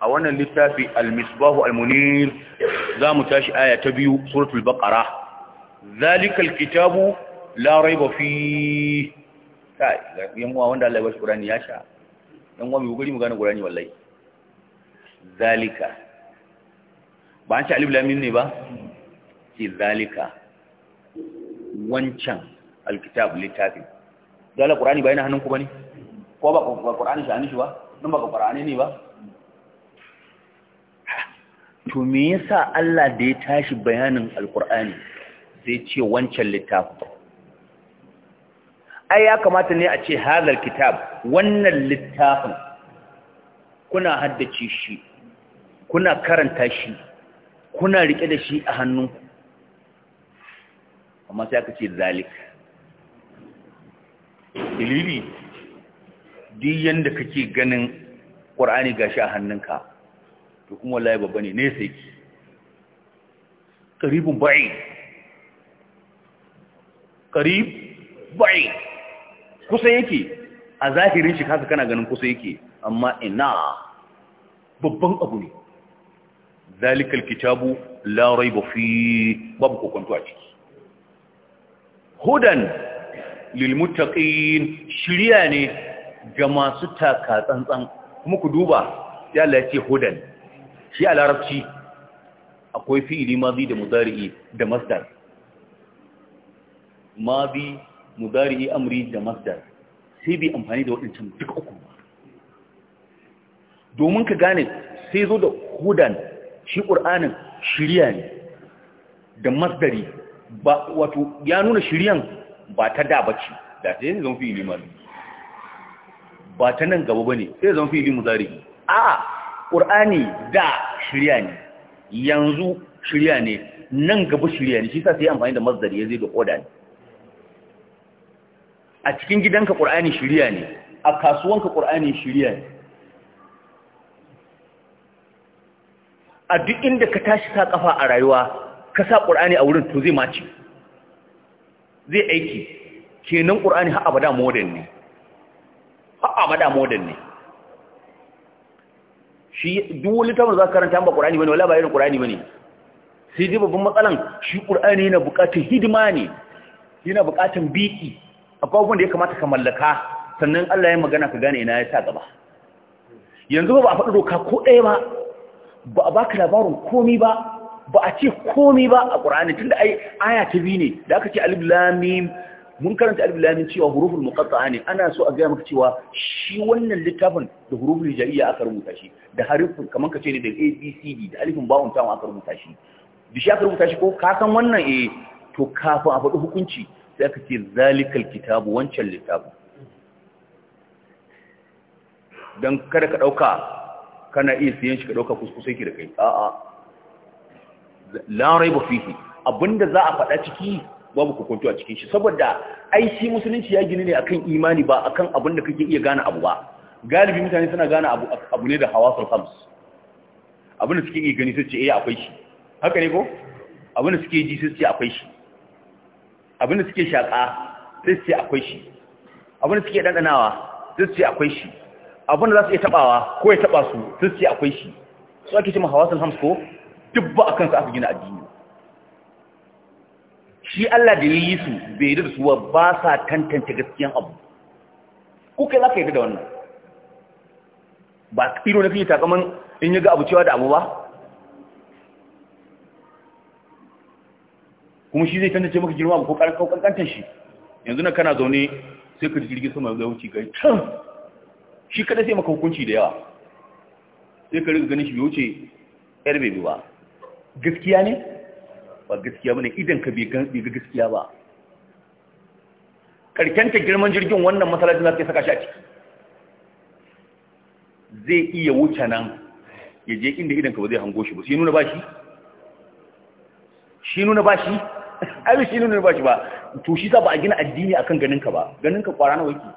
a wannan littafi almisbahu almunir, za mu tashi aya ta biyu suratul baqara zalikal kitabu la raiba fi kai yan wanda Allah ya bashi Qur'ani ya sha yan uwa mai guri mu gane Qur'ani wallahi zalika ba an ci alif lam mim ne ba ce zalika wancan alkitab littafi dala Qur'ani ba yana hannunku bane ko ba Qur'ani shi hannun shi ba nan ba Qur'ani ne ba to me yasa Allah da ya tashi bayanin alkur'ani sai ce wancan littafi ai ya kamata ne a ce hadal kitab wannan littafin kuna haddace shi kuna karanta shi kuna rike da shi a hannunku amma sai aka ce zalik dalili duk yanda kake ganin ƙur'ani gashi a hannunka to kuma wallahi babba ne nesa yake qaribun ba'i qarib ba'i kusa yake a zahirin shi kaza kana ganin kusa yake amma ina babban abu ne zalikal kitabu la raiba fi babu kokonto a ciki hudan lil muttaqin shiriya ne ga masu taka tsantsan kuma ku duba ya Allah ya ce hudan shi a larabci akwai fi'ili mazi da mudari'i da masdar mazi mudari'i amri da masdar sai bai amfani da waɗancan duk uku ba domin ka gane sai zo da hudan shi ƙur'anin shirya ne da masdari ba wato ya nuna shiryan ba ta da bace da ta yi zama fi'ili mazi ba ta nan gaba ba ne sai zama fi'ili mudari'i a'a ƙur'ani da shirya ne yanzu shirya ne nan gaba shirya ne shi sa sai amfani da mazdar ya zai da ƙoda ne a cikin gidanka ƙur'ani shirya ne a kasuwanka ƙur'ani shirya ne a duk inda ka tashi sa ƙafa a rayuwa ka sa ƙur'ani a wurin to zai mace zai aiki kenan ƙur'ani har abada modern ne har abada modern ne shi duk wani littafin za ka karanta ba ƙur'ani bane wala ba irin ƙur'ani bane sai dai babban matsalan shi ƙur'ani yana buƙatar hidima ne yana buƙatar biki akwai abubuwan da ya kamata ka mallaka sannan Allah ya magana ka gane ina ya sa gaba yanzu ba a faɗi doka ko ɗaya ba ba a baka labarin komi ba ba a ce komi ba a ƙur'ani tunda ai aya ta biyu ne da aka ce alif lam mun karanta albilamin cewa huruful muqatta'a ne ana so a gaya maka cewa shi wannan littafin da huruful hijaiya aka rubuta shi da harufin kaman ka ce ne da abcd da alifin bawun tawun aka rubuta shi da shi aka rubuta shi ko ka san wannan eh to kafin a faɗi hukunci sai aka ce zalikal kitabu wancan littafin don kada ka ɗauka kana iya siyan shi ka ɗauka kuskusai ki da kai a'a larai ba fihi abinda za a faɗa ciki babu hukuntu a cikin shi saboda ai shi musulunci ya gini ne akan imani ba akan abin da kake iya gane abu ba galibi mutane suna gane abu abu ne da hawasul khams abin da suke iya gani sai ce eh akwai shi haka ne ko abin da suke ji sai ce akwai shi abin da suke shaka sai ce akwai shi abin da suke dandanawa sai ce akwai shi abin da za su iya tabawa ko ya taba su sai ce akwai shi su ake cewa hawasul khams ko duk ba akan su aka gina addini shi Allah da yi su bai da su ba sa tantance gaskiyan abu ko kai za ka yi da wannan ba ido na fiye takaman in yi ga abu cewa da abu ba kuma shi zai tantance maka girma ko kankantar shi yanzu na kana zaune sai ka jirgin sama da wuce gari can shi kada sai maka hukunci da yawa sai ka riga ganin shi bai wuce yar bebe ba gaskiya ne ba gaskiya ba ne idan ka bai ga gaskiya ba karkenta girman jirgin wannan masalacin za ta saka shi a ciki zai iya wuce nan ya je inda idan ka ba zai hango shi ba shi nuna bashi shi nuna bashi ai shi nuna shi ba to shi sa ba a gina addini akan ganin ka ba ganin ka kwara na waki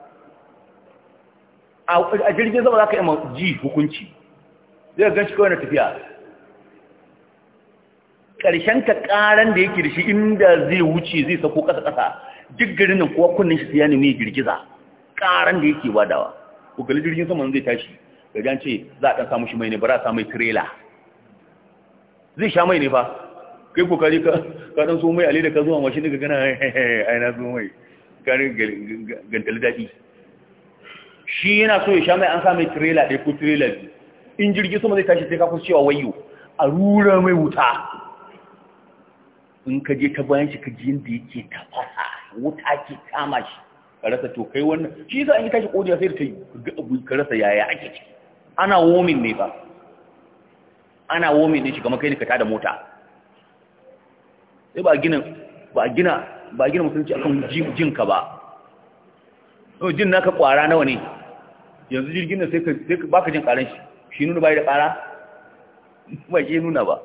a jirgin sama za ka yi ma ji hukunci zai gan shi kawai na tafiya ƙarshen ka ƙaran da yake da shi inda zai wuce zai sako ƙasa ƙasa duk garin nan kowa kunnen shi ne mai girgiza ƙaran da yake badawa ko gali jirgin sama zai tashi ga jan ce za a ɗan samu shi mai ne ba za a samu tirela zai sha mai ne fa kai kokari ka ɗan so mai ale da ka zuwa mashi daga gana aina so mai kare gantal daɗi shi yana so ya sha mai an sa mai tirela ɗaya ko tirela in jirgin sama zai tashi sai ka kusa cewa wayo a rura mai wuta in ka je ta bayan shi ka ji yadda yake tafasa wuta ke kama shi ka rasa to kai wannan shi yasa an yi tashi kodiya sai da ta yi ka rasa yaya ake ciki ana womin ne ba ana womin ne shi kamar kai ne ka tada mota sai ba gina ba gina ba gina musulunci akan jin ka ba jin naka kwara nawa ne yanzu jirgin nan sai ka baka jin karan shi shi nuna yi da kara ba shi nuna ba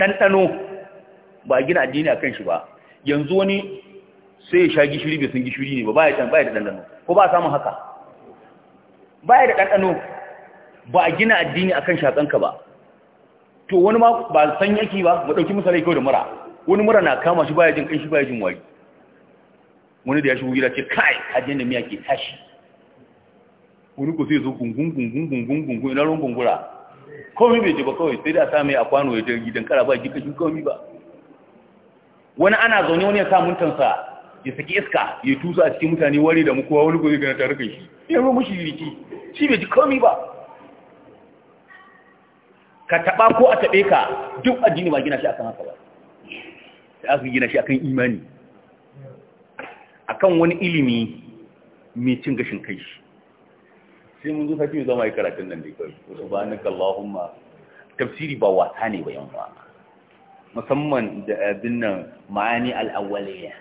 ɗanɗano ba a gina addini a kanshi shi ba yanzu wani sai ya sha gishiri bai san gishiri ne ba ba ya can baya da dandano, ko ba a samun haka baya da dandano ba a gina addini akan shakanka ba to wani ma ba san yake ba ba dauki misalai kai da mura wani mura na kama shi baya jin kanshi baya jin wari wani da ya shigo gida ce kai addini da miya ke tashi wani ko sai zo gungun gungun gungun gungun ina ruwan gungura komai bai ji ba kawai sai da sa mai a kwano ya jirgi gidan kara ba ji kawai ba wani ana zaune wani ya sa muntansa ya saki iska ya tusa a cikin mutane wari da mukuwa wani gozi gana tarukan shi ya yi mushi riki shi bai ji komi ba ka taɓa ko a taɓe ka duk addini ba gina shi a kan haka ba sai aka gina shi a kan imani a kan wani ilimi mai cin gashin kai shi sai mun zo sake zama yi karatun nan da kawai subhanakallahumma tafsiri ba wata ne ba yan musamman da abin nan ma'ani al'awwaliya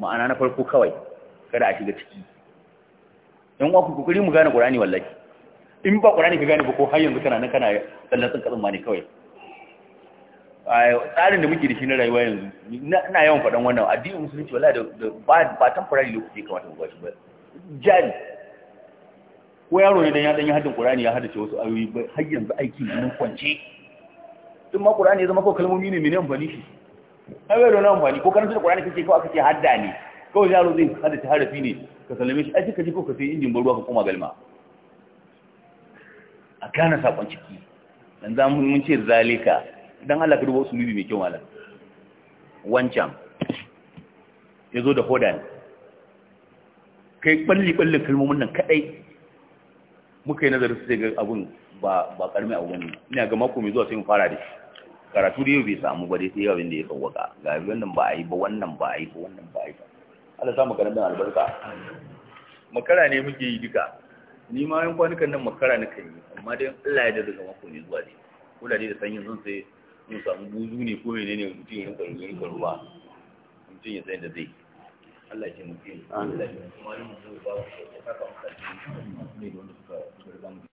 ma'ana na farko kawai kada a shiga ciki in ku kokari mu gane qur'ani wallahi in ba qur'ani ka gane ba ko har yanzu kana nan kana tsallan tsallan ma ne kawai tsarin da muke da shi na rayuwa yanzu ina yawan faɗan wannan addinin musulunci wallahi da ba ba temporary lokaci kamata ba shi ba jari ko yaro ne dan ya dan ya haddin qur'ani ya haddace wasu ayoyi har yanzu aikin mun kwance in ma qur'ani ya zama ko kalmomi ne mene amfani shi ai bai da amfani ko karanta qur'ani kake ko aka ce hadda ne ko yaro zai hada ta harafi ne ka sallame shi ai kaje ko ka sai injin ruwa ka koma galma a kana sakon ciki dan za mu mun ce zalika dan Allah ka dubo usulubi mai kyau malam wancan yazo da hodan kai balli balli kalmomin nan kadai muka yi nazarin sai ga abun ba ba karmi abu bane ina ga mako mai zuwa sai mu fara da shi karatu da yau bai samu ba dai sai yau abin da ya sauwaka ga wannan ba a yi ba wannan ba a yi ba wannan ba a yi ba Allah sa makaran nan albarka makara ne muke yi duka ni ma yan kwanukan nan makara na kan yi amma dai Allah ya da daga mako ne zuwa ne ko da dai da sanyin sun sai mun samu buzu ne ko menene mutum ya rinka yin ruwa mutum ya san da zai Allah ya ce mutum Allah ya kuma mu ba ka ka ka